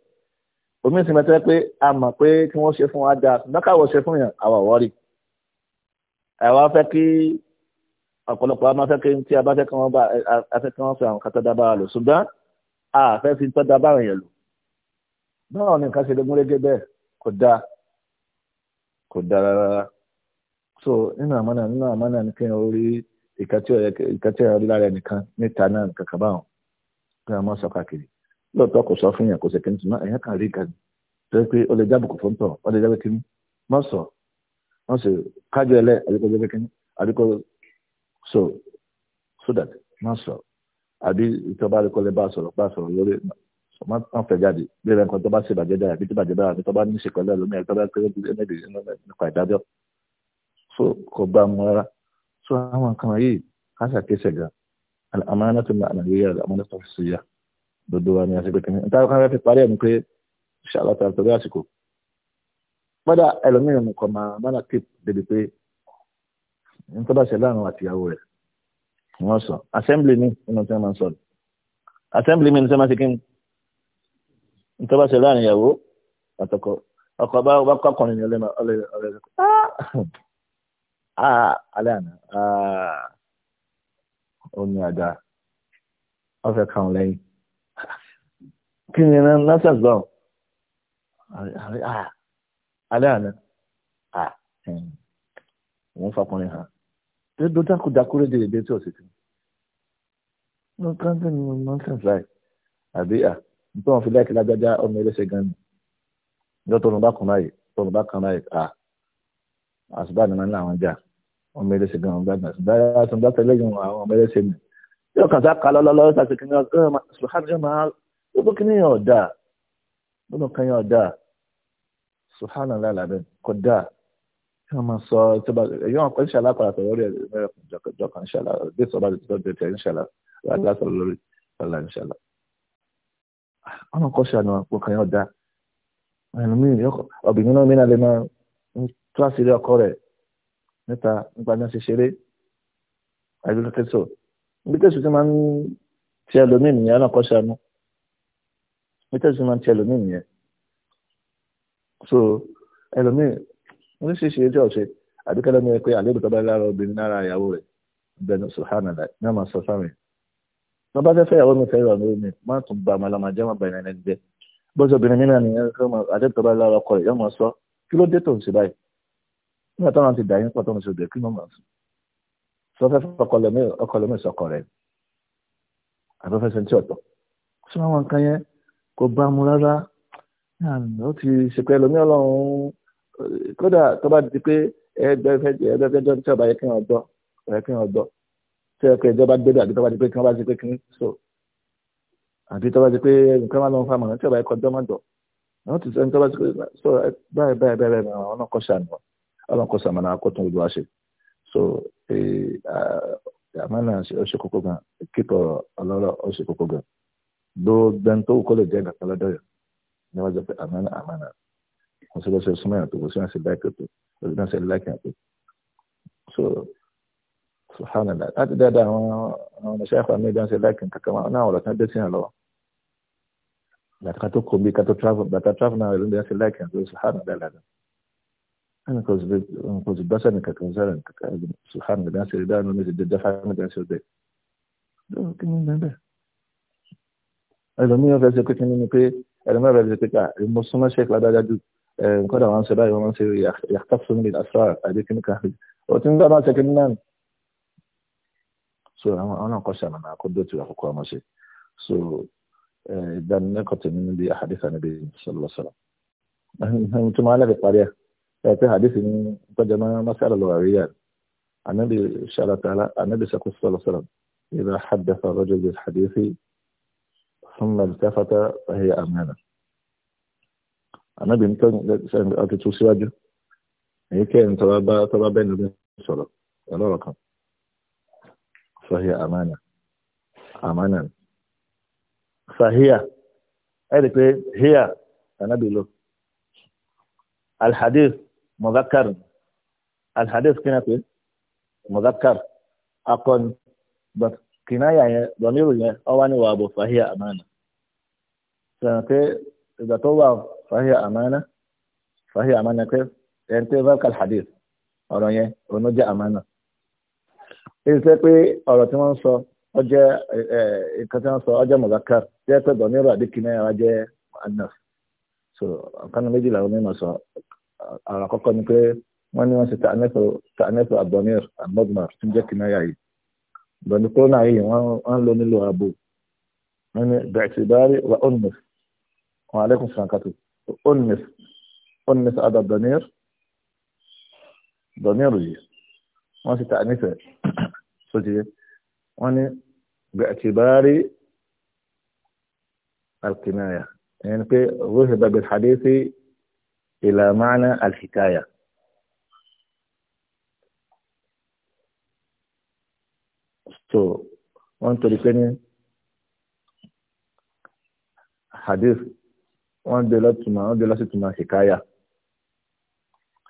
omi sì mẹ́tẹ́ pé a mọ̀ pé kí wọ́n ṣe fún wa dáa ṣùgbọ́n káwọ́ ṣe fún yàn àwọ̀ wọ́ọ̀rì àwa fẹ́ kí ọ̀pọ̀lọpọ̀ a máa fẹ́ kí tí a bá fẹ́ kí wọ́n bá a fẹ́ kí wọ́n fi àwọn kan tọ́da bára lò ṣùgbọ́n a fẹ́ fi tọ́da bára yẹn lò báwọn ni nǹkan ṣe lé múlẹ́gẹ́ bẹ́ẹ̀ kò dáa kò dáa rárá so nínú àmọ́nà nínú àmọ́nà ni kí n rí ìkàtí ọ̀rẹ́ ìkàtí ọ̀rẹ́ lára ẹnìkan níta náà kankan báwọn kí wọ́n mọ̀ sọ káàkiri lóòótọ́ kò sọ fún yàn kò sì kí n tuma ẹ̀yàn kan rí ga ni torí pé ó lè jábọ̀ kò fún tọ̀ ó lè jábọ̀ kí má sọ má sọ kájọ ẹlẹ́ àdúgbò jábọ̀ kí ni so so that má sọ àbí ìtọ́ba àdúgbò lè bá sọ̀rọ̀ bá sọ̀rọ̀ lórí má fẹ́ jáde bí ẹ̀rọ nǹkan tó bá ṣe bàjẹ́ dára àbí tó bàjẹ́ dára àbí tó bá ní ṣe pẹ̀lú ẹlòmíì àbí tó bá kéré so kò so àwọn nǹkan yìí ká ṣàkíyèsí gan àmọ́ ẹni tó máa nàìjíríà àmọ́ dodo wa ni àsìkò kìíní nítorí kan fẹ́ fi parí ẹ̀ ni pé ṣàlọ́ tàbí torí àsìkò padà ẹlòmíràn kọ̀ máa bánà kíp débi pé nítorí bá ṣe láàrin àtìyàwó rẹ̀ wọ́n sọ assembly ni nínú tí wọ́n máa ń sọ̀rọ̀ assembly mi ní sẹ́wọ́n ti kí ni nítorí bá ṣe láàrin ìyàwó àtọkọ ọkọ bá bá kọ́ ọkùnrin ní ọlẹ́mọ ọlẹ́mọ ọlẹ́mọ ah! ah! alẹ́ àná ah! ó ní àdá ọ̀fẹ́ kàn lẹ́yìn kí ni náà nasa gbà ọ alẹ́ àná òun fakùnrin hàn tó dó dákúdákú lédè lédè tí ọ̀sẹ̀ tó ní káńtà ni mo nonsense láì àbí à nítorí wọn fi láìkí lágbájá ọmọ ẹlẹ́sẹ̀ gan ni ní ọ̀tọ̀ ọ̀nà bá kan láyè ọ̀tọ̀ ọ̀nà bá kan láyè à àṣùbà ni wọn ní àwọn jà ọmọ ẹlẹ́sẹ̀ gan ọmọ gbàgbà àṣùbà àṣùbà tẹlẹ́yìn àwọn ọmọ ẹlẹ́sẹ̀ mi yóò kàn sá kalọ́lọ́lọ́ sàṣekìnyàn ọ̀hún gbogbo kí ni yàn ọ̀dà gbogbo kan yàn ọ̀dà subhanallah làbẹ́ kọ̀dà kí wọ́n máa sọ ìjọba ẹ̀yọ́ ọ̀pọ̀ ìṣàlá padà sọ̀rọ̀ lórí ẹ̀rọ jọkàn ìṣàlá bí sọ́ba ti tọ́ dẹ̀tẹ̀ ìṣàlá rárá sọ̀rọ̀ lórí ọ̀là ìṣàlá. àwọn kan ṣàánú àpò kan yàn ọ̀dà ọ̀bìnrin náà mìíràn lè máa ń tó àṣírí ọkọ rẹ̀ níta nípa ní ṣiṣeré àìlú kẹsọ̀ bí kẹsù ti máa ń tiẹ̀ lómi náà kọ́ ṣàánú mítẹ́sí máa ń tẹ ẹlòmíì nìyẹn so ẹlòmíì oríṣiríṣi ẹjọ́ ṣe àdúkẹ́lẹ́ mi pé àlejò tó bá lára obìnrin lára ìyàwó rẹ̀ bẹnu sùhánàlá náà máa sọ fáwọn ẹ̀ wọ́n bá fẹ́ fẹ́ ìyàwó mi fẹ́ ìrọ̀ lórí mi má tún ba àmàlà máa jẹ́ máa bẹ̀rẹ̀ ẹni gbẹ bọ́sẹ̀ obìnrin mi náà nìyẹn àlejò tó bá lára ọkọ rẹ̀ yóò máa sọ kí ló dé tó ń ṣe báyìí nígbà táwọn ti dà yín pọ̀ tó ń ṣe òde kí ló máa sọ sọ fẹ́ ọkọ lẹ́mí sọkọ rẹ̀ àbẹ́fẹ́ sẹ́ńtì ọ̀tọ̀ sọ àwọn nǹkan yẹn kò bá mu rárá ó ti ṣèpẹ́ lomi ọlọ́run kódà tó bá di pé ẹgbẹ́fẹ́jọ́ tí ọba yẹ kí wọ́n gbọ́ ọ̀yẹ́ kí wọ́n gbọ́ tí ọkọ̀ ìjọba gbé dàbí tó bá di pé kí wọ́n bá di pé kí so àbí tó bá di pé nǹkan máa lọ ń fa màá tí ọba yẹ kọjọ́ máa dọ̀ wọ́n ti sẹ́ni tó bá di pé so báyìí báyìí báyìí àwọn náà kọ́ sàmì wọn ọlọ́run kọ́ sàmì náà kó tún ojú wa ṣe so eh, àmọ́ náà ó ṣe kókó gan kíkọ ọlọ́rọ̀ ó kókó gan gbogbo ẹni tó kọ́ lè jẹ́ ìgbà kan lọ́dọ̀ yọ ní wọ́n jọ pé àmánà àmánà kò sí lọ́sẹ̀ súnmọ́ yàtọ̀ kò sí wọn sì láìpẹ́ tó kò sí wọn sì láìpẹ́ tó so subhanallah láti dáadáa àwọn àwọn ọmọ ṣẹ́yà fàmí ìdáhùn sí láìpẹ́ kankan wọn náà ọ̀rọ̀ kan dé sí yàn lọ́wọ́ láti ká tó kó bí ká tó travel bàtà travel náà ìlú ìdáhùn sí láìpẹ́ tó subhanallah ládàá أنا كوز كوز بسنة ككوزان كك سبحان الله ناس يدان وناس يدفع ناس يدفع لكن من ده ẹlòmíràn fẹ́ ṣe pínpín nínú pé ẹlòmíràn fẹ́ ṣe pínpín mo súnmọ́ ṣe pé adájá ju nǹkan dà wọ́n ń ṣe báyìí wọ́n ń ṣe yàtọ̀sùn ní asra adékínníkà òtí ń dábàá ṣe kínní náà so àwọn àwọn náà kọ́ ṣàmàlà àkọ́dọ̀ tí àkọ́kọ́ ọmọ ṣe so ìdánilẹ́kọ̀ọ́ tèmi níbi àhàdísà níbi sọlọ́sọlọ́ tó máa lẹ́kẹ̀ẹ́ parí ẹ̀ pé àhàdísì ní tọ́jà máa mọ́sálà lọ́wọ́ àríyá ànábì sàlọ́tàlá ànábì sàkóso sọlọ́sọlọ́ ìdá àhàdàfà rọ́jò bíi àhàdísì ثم التفت فهي أمانة النبي كان أتتو سواجه هي كان تبا بين النبي صلى الله عليه وسلم فهي أمانة أمانة فهي أي هي النبي له الحديث مذكر الحديث كنا مذكر أقل بس kìnnáyà yẹn dọ̀míìrù yẹn ọwọ́ ni wàá bọ̀ fàáhíà àmánà sọ̀rọ̀ pé ìgbà tó wà fàáhíà àmánà fàáhíà àmánà pé ẹni tó bá kàl hadith ọ̀rọ̀ yẹn òun jẹ́ àmánà. èyí sẹ́ pé ọ̀rọ̀ tí wọ́n ń sọ ọjẹ́ nǹkan tí wọ́n sọ ọjẹ́ mọ̀lákàr jẹ́ pé dọ̀míìrù àbí kìnnáyà wa jẹ́ anas so nǹkan méjì làwọn mímọ̀ sọ àrà àkọ́kọ́ ni pé wọ́n ní wọ́n ṣe tàánẹ́fọ̀ àbọ̀míìr àbọ̀mọ̀r tí ń jẹ́ kìnnáyà bẹ̀ni kọ́nà yìí wọ́n ń lọ nílò ààbò wọ́n ní bẹ̀tìbárì wa onnes wọn alẹ́kùn sankatu onnes onnes ada donir donir yìí wọ́n sì ta nífẹ̀ sójì wọ́n ní bẹ̀tìbárì alkinaya ẹni pé ruhi babil hadithi ila ma'ana alhikaya wọ́n torí pé ní hadith wọ́n gbé lọ́tùmọ̀ wọ́n gbé lọ́sìtùmọ̀ hikaya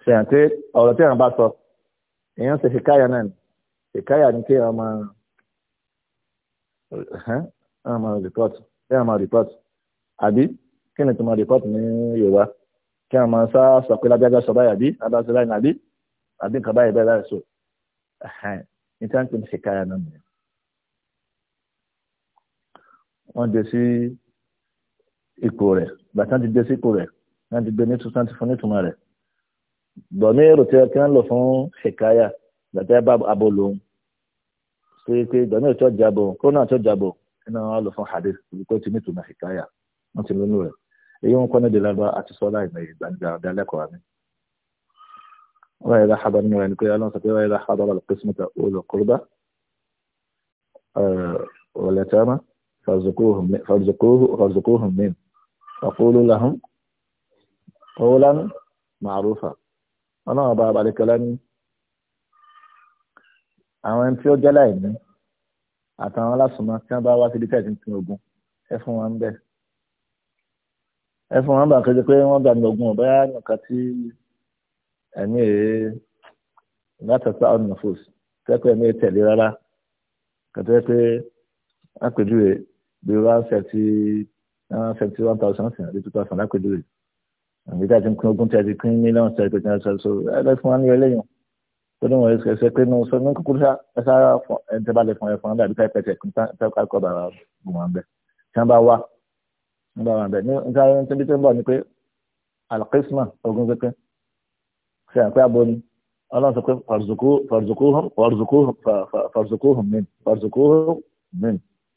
ṣèyàn pé ọ̀rọ̀ tí èèyàn bá sọ èèyàn ṣe hikaya náà ni hikaya ni kí èèyàn máa èèyàn report. rìpọ́t èèyàn máa rìpọ́t àbí kí ni tó máa rìpọ́t ní Yorùbá kí èèyàn máa sá sọ pé lábẹ́jà sọ báyìí àbí lábẹ́jà sọ báyìí àbí àbí nǹkan báyìí bẹ́ẹ̀ láì sọ ìtàn kì í ṣe hikaya náà nìyẹn. wọ́n dé sí ipò rẹ̀ bàtà ti dé sí ipò rẹ̀ wọ́n ti gbé ní tuntun ti fún nítumọ̀ rẹ̀ bọ̀mí èrò tí wọ́n lò fún ṣèkáyà bàtà bá abo lòun pé pé bọ̀mí èrò tí wọ́n jábọ̀ kórónà tí wọ́n jábọ̀ iná wọn lò fún hadith olùkọ́ ti nítumọ̀ ṣèkáyà wọ́n ti lónú rẹ̀ èyí ń kọ́ni dèlábà àti sọ́lá ìmọ̀ ìgbàgbà lẹ́kọ̀ọ́ mi. وإذا حضر من يعني كذا لون وإذا حضر القسمة أولى القربى واليتامى فارزقوهم فارزقوه فارزقوهم منه فقولوا لهم قولا معروفا ọlọ́run ọba abalẹ́kọ̀ọ́lá ní àwọn ẹni tí ó jẹ́ láìní àtàwọn alásùnmọ́ tí wọ́n bá wá síbi tẹ̀sí ti ogun ẹ fún wọn bẹ́ẹ̀ ẹ fún wọn bá kéde pé wọ́n gbà ní ogun bí wọ́n fẹ́tí wọ́n fẹ́tí one thousand sí àbí two thousand lápèjúwe àbí tí a ti ń pín ogún tí a ti pín mílíọ̀nù tí a ti pín ẹ̀ṣẹ̀ so ẹ̀rọ fún wa ní ẹlẹ́yìn tó ní wọ́n ẹsẹ̀ pé ní sọ ní kúkúrú ẹ̀ṣẹ̀ ara fún ẹ̀ǹtẹ̀ bá lè fún ẹ̀ fún ẹ̀ àbí ká ẹ̀pẹ̀tẹ̀ tẹ́ ká kọ́ bàrà gùn wọn bẹ́ẹ̀ tí wọ́n bá wá wọ́n bá wà bẹ́ẹ̀ ní nǹkan níbi tó ń bọ̀ ni pé alqisma ogún pínpín ṣe àpé abo ni ọlọ́run sọ pé farzukuhum farzukuhum farzukuhum min farzukuhum min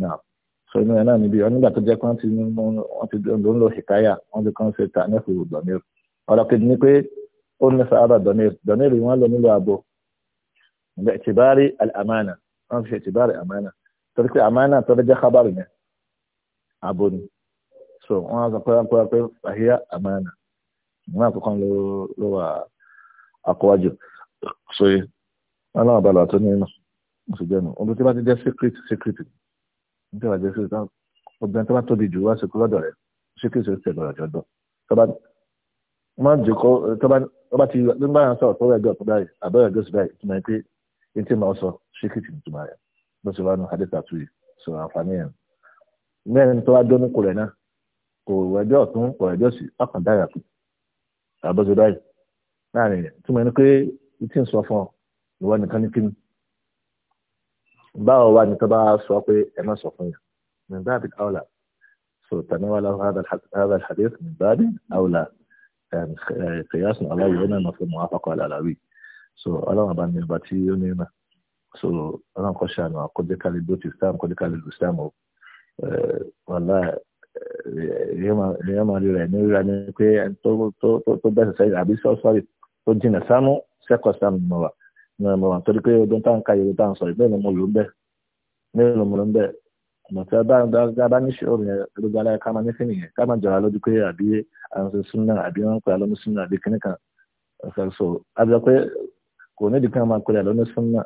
náà sọ inú ẹ̀ náà níbi nígbà tó jẹ́ pé wọ́n ti wọ́n ti ló ń lo hikaya wọ́n ti kàn ṣe tànífù dọ̀nìr ọ̀rọ̀ kejì ni pé ó ní sàábà dọ̀nìr dọ̀nìr wọ́n lò nílò ààbò ìtìbárì àmàna wọ́n fi ṣe ìtìbárì àmàna torí pé àmàna tó jẹ́ kábàrì yẹn ààbò ni so wọ́n á sọ pé wọ́n pé àhíyá àmàna wọ́n àkọ́kọ́ ló wà àkọ́wájú so wọ́n náà balọ̀ àtúnyẹ́ náà ó sì jẹ́ nu ohun tó ti bá ti jẹ́ secret secret dẹ́wà jẹ́ sórí tán obìnrin tó bá tóbi jù wá sókè lọ́dọ̀ rẹ̀ ṣé kí sórí tẹ̀gbọ̀n ọ̀jọ̀ dọ̀ tó bá máa ń jòkó tó bá ti ló ń bá yàn sọ̀rọ̀ tó rẹ̀ gbọ̀ tó báyìí àbẹ̀rẹ̀ gbèsè báyìí ìtumọ̀ pé etí máa sọ ṣé kí tìǹtù máa rẹ̀ bó ṣe wá nu adé tàtú yìí sọ àǹfààní báwo wá ní tó bá sọ pé ẹ má sọ fún yàn min babi aula so tanawala hadha alhadith min babi aula eh, qiyas ala yuna ma fi muwafaqa ala alawi so ọlọ́run bá ní ọba tí ó ní náà so ọlọ́run kọ́ ṣàánú àkọ́jẹ́kálẹ̀ bí ó ti sáàmù kọ́jẹ́kálẹ̀ lù sáàmù o eh, wàlá èèyàn eh, máa rí rẹ̀ ní rírà ní pé tó bẹ́sẹ̀ sẹ́yìn àbí sọ́ọ́sọ́rì tó jìnà sáàmù sẹ́kọ̀ọ́ sáàmù mọ́ wa náà mo wà torí pé ọdún tá à ń ka yorùbá tá à ń sọ ìbéèrè mo lò ń bẹ mélòó mo lò ń bẹ ọ̀nà tí a bá ní ṣòro yẹn gbogbo aláya ká máa ní fínì yẹn ká máa jọra lójú pé àbí àǹsẹ̀ súnà àbí wọ́n ń pè alómi súnà àbí kínní kan ọ̀sẹ̀ so àbíọ́ pé kò nídìí kí wọ́n máa pè alómi súnà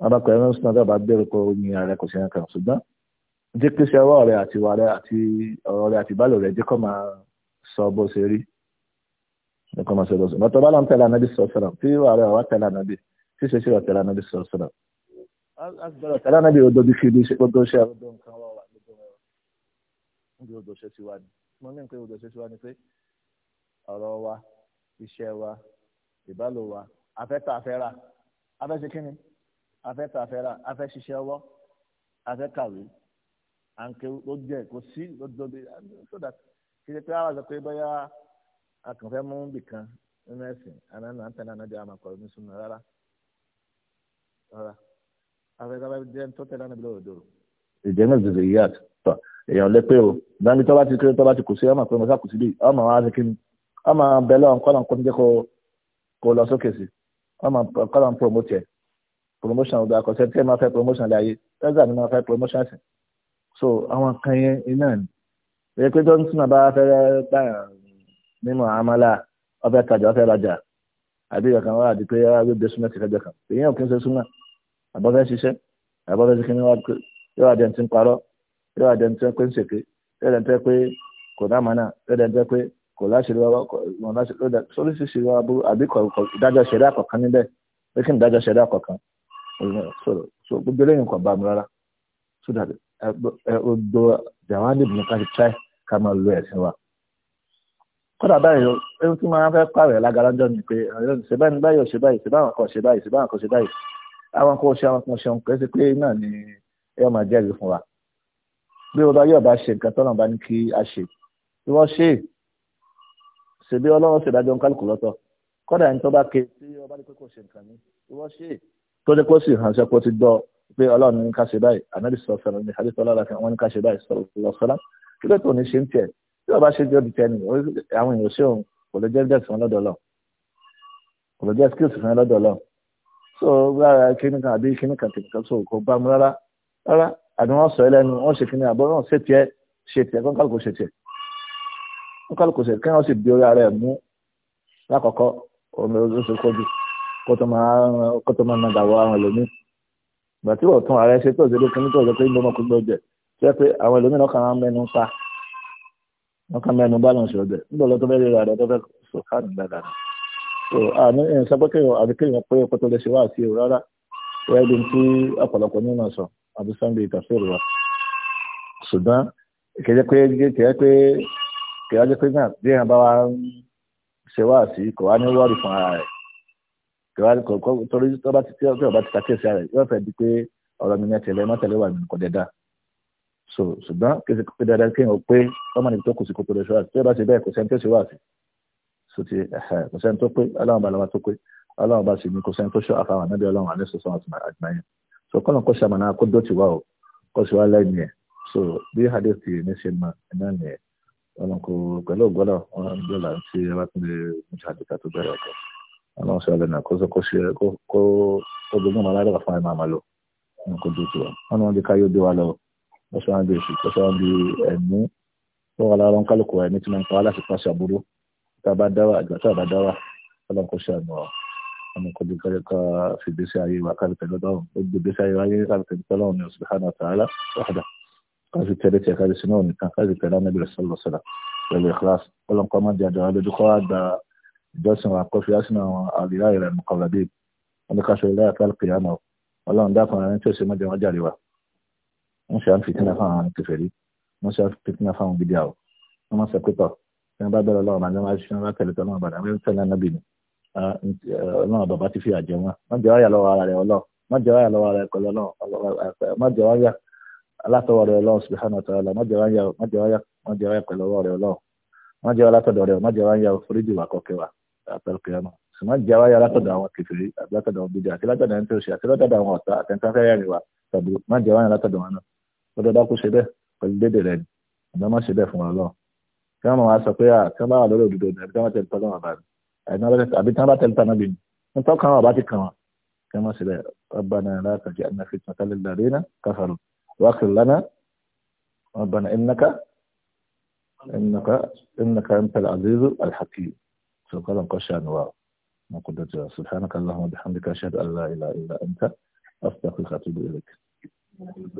wọ́n bá pè alómi súnà tó bá bẹ̀rù kó yin ààrẹ kò sí yẹn kan ṣùgbọ́n jẹ́ pé ṣe ọwọ́ rẹ àti ìwà rẹ àti ní kọ́ máa ṣe lọ́sùn bàtọ́ bá lọ́n tẹ̀lé anabi sọ̀rọ̀ sọ̀rọ̀ tí wàá rẹ̀ wá tẹ̀lé anabi tí ṣe ṣe wà tẹ̀lé anabi sọ̀rọ̀ sọ̀rọ̀ tẹ̀lé anabi odò bí kiri ṣe odò ṣe odò nǹkan wà wà lójú wọn níbi odò ṣe ti wá ni mo ní pé odò ṣe ti wá ni pé ọ̀rọ̀ wa iṣẹ́ wa ìbálò wa afẹ́ta afẹ́ra afẹ́ṣe kíni afẹ́ta afẹ́ra afẹ́ṣiṣẹ́ ọwọ́ afẹ́kàwé à ń ké ó jẹ́ kó sí lójú ọdún so that kí ni pé àwọn àgbẹ̀ pé bóyá akànfẹ́ mú bìkan nínú ẹ̀sìn anáná ń tẹ̀lé anájọ àmàkọ́ ní súnmọ́ rárá rárá afẹ́ká bá jẹ́ tó tẹ̀lé anábì lọ́wọ́ dòrò. ìjẹ́ náà zèzè yíyá tọ̀ èèyàn lé pé o dáńdé tó bá ti kéré tó bá ti kù sí ọmọ pé mo sá kù sí bíi ọmọ wa ti kíni ọmọ bẹ́lẹ̀ ọ̀nkọ́nà kò ní jẹ́ kó lọ sókè sí ọmọ ọ̀nkọ́nà promote ẹ̀ promotion ọ̀dọ̀ akọ̀ṣẹ́ tí ẹ máa fẹ́ promotion láyé tẹ́sà ni máa fẹ́ promotion sí so àwọn kan yẹn iná ni èyí pé tó ń túnà bá fẹ́ báyà nínú àmàlà ọfẹ́ tajà ọfẹ́ rajà àbí ìyọ̀kan wà àti pé ah, yóò dé súnmọ́ tìkẹjọ kan èyí ò kí n ṣe súnmọ́ àbọ̀fẹ́ ṣiṣẹ́ àbọ̀fẹ́ ṣiṣẹ́ ni yóò wà dẹ̀ntì ń parọ́ yóò wà dẹ̀ntì pé ń ṣèké yóò dẹ̀ntì pé kò dámànà yóò dẹ̀ntì pé kò láṣìírí wọn sóríṣiríṣi wọn aburú àbí ìdájọ́ ṣẹ̀dá kọ̀ọ̀kan níbẹ̀ pé kí ni ìdájọ́ ṣẹ̀dá kọ̀ọ̀kan so gbogbo eléyìí kò bá mu rárá so that eh, eh, odo jawani kódà báyìí ohun tí máa ń fẹ́ pààrọ̀ lágara jọ ni pé ṣe báyìí báyìí ṣe báyìí ṣe báwọn kan ṣe báyìí ṣe báwọn kan ṣe báyìí àwọn kan ṣe àwọn kan ṣe òun kẹsí pé náà ni ẹ máa jẹ́rìí fún wa bí ọba yóò bá ṣe nǹkan tọ́nà bá ní kí a ṣe bí wọ́n ṣe ṣe bí ọlọ́run ṣe dájọ́ kálukú lọ́tọ̀ kódà ẹni tó bá ké tí ọba ní pé kò ṣe nǹkan ní bí wọ́n ṣe tó ní kó sì ránṣẹ́ kó ti gbọ́ pé ọlọ́run ní ká ṣe báyìí ànábì sọ̀rọ̀ sọ̀rọ̀ ní àdìsọ́lá tí ọba ṣe jọ dìtẹ́ni àwọn èèyàn ṣé òun kò lè jẹ́ dẹ́sí wọn lọ́dọ̀ lọ kò lè jẹ́ skills fún ẹ lọ́dọ̀ lọ so rárá kíní kan àbí kíní kan tèmi kan so kò bá mu rárá rárá àbí wọ́n sọ ẹ lẹ́nu wọ́n ṣe kíní àbọ̀ náà ṣe tiẹ̀ ṣe tiẹ̀ kọ́ńkà kò ṣe tiẹ̀ kọ́ńkà kò ṣe kíní wọ́n sì bí orí ara ẹ̀ mú lákọ̀ọ́kọ́ omi oṣù kọjú kó tó máa ń dàwọ̀ àwọn ẹlòmíì gbàtí wọ́n tún ara ẹ ṣe tó ṣe lé kíní tó ṣe pé ń bọ́ ọmọkùnrin lọ́jẹ̀ tó yẹ pé àwọn ẹlòmíì náà kàn án mẹ́nu ń pa wọ́n kàn mẹ́nu balance ọ̀dẹ̀ nígbà lọ́tọ́ fẹ́ rírà rẹ̀ tọ́fẹ́ sọ káàdì dáadáa so àní ẹ̀ sọ pé kéèyàn àti kéèyàn pé ọkọ̀ tó lè ṣe wá àti èrò rárá wẹ́ẹ́ bí tí ọ̀pọ̀lọpọ̀ nínú sọ àbí sunday ìtàfẹ́rù wa ṣùgbọ́n kẹjẹ pé kẹjẹ pé kẹjẹ pé náà bí èèyàn bá wa ń ṣe wá sí kò wá ní wọ́ọ̀rì fún ara rẹ̀ kò wá kò torí tí ọba ti ta kéèsì ara rẹ̀ yóò fẹ́ di pé ọ̀rọ̀ mi ní ẹ so ṣùgbọ́n kí ṣe pé dáadáa kí n ò pé ọmọ níbi tó kù sí kòtò lọ́sọ̀rọ̀ tí ó bá ṣe bẹ́ẹ̀ kò sẹ́ni tó ṣe wá sí so ti kò sẹ́ni tó pé ọlọ́run bá lọ́wọ́ tó pé ọlọ́run bá sì ní kò sẹ́ni tó ṣọ́ àfàwọn ànábì ọlọ́run àlẹ́ sọ̀sọ́ àti àgbáyé so kọ́nà kó ṣàmànà kó dó ti wá o kó sì wá lẹ́yìn ẹ̀ so bí hadith ti ní ṣe mọ iná nìyẹn ọlọ́run pẹ̀lú ògbọ́dọ̀ wọn bọ́sọ̀rọ̀ bí oṣù bọ́sọ̀rọ̀ bí ẹ̀mí tó wà lára kálukú ẹ̀mí tí wọ́n ń pa wá láti pàṣẹ àbúrò tá a bá dáwà àgbà tá a bá dáwà ọlọ́run kò ṣe àná ọmọ kojú kọ́lẹ́kọ́ fi gbèsè ayé wa kálukú ẹ̀mí lọ́wọ́ ó gbé gbèsè ayé wa yé kálukú ẹ̀mí lọ́wọ́ ní subhanahu wa ta'ala wahda káàsì tẹ̀lé tiẹ̀ káàsì sinú òní kan káàsì tẹ̀lé ọ̀nà ìbẹ̀rẹ̀ sọ́lọ̀ pẹ̀lú ìkíláàsì ọlọ́run kọ́ máa di àjọ wọ́n ṣe àfitínà fáwọn àwọn kèfèrí wọ́n ṣe àfitínà fáwọn gidi àwọ̀ wọ́n máa ṣàpépà tí wọ́n bá bẹ̀rẹ̀ ọlọ́run àjọ máa ṣe wọ́n tẹ̀lé tọ́lọ́run bàdà wọ́n tẹ̀lé ẹ̀nà bìnú ọlọ́run bàbá ti fi àjẹ wọn wọ́n jẹ́ wáyà lọ́wọ́ ara rẹ̀ ọlọ́run wọ́n jẹ́ wáyà lọ́wọ́ ara rẹ̀ pẹ̀lú ọlọ́run wọ́n jẹ́ wáyà látọwọ́ rẹ̀ ọlọ́run subhanahu wa ta'ala wọ́n jẹ́ wáyà wọ́n jẹ́ wáyà wọ́n jẹ́ wáyà pẹ̀lú ọwọ́ rẹ̀ ọlọ́run wọ́n jẹ́ wáyà látọ̀dọ̀ rẹ̀ wọ́n jẹ́ wáyà ọdọ bá kó ṣe bẹ́ẹ̀ pẹ̀lú dédé rẹ̀ ọ̀dọ́ má ṣe bẹ́ẹ̀ fún wa lọ. kí wọ́n máa sọ pé à kí wọ́n bá wà lọ́dọ̀ òdodo ní àbí tí wọ́n bá tẹ̀lé tọ́lọ́wọ́n bá àbí tí wọ́n bá tẹ̀lé tọ́lọ́wọ́n bí ní tọ́ kan wọn bá ti kàn wọn. kí wọ́n má ṣe bẹ́ẹ̀ ربنا لا تجعلنا فتنة للذين كفروا واغفر لنا ربنا إنك إنك إنك أنت العزيز الحكيم سبحان الله قشان واو ما قدرت سبحانك اللهم وبحمدك أشهد أن لا إله إلا أنت أستغفرك وأتوب إليك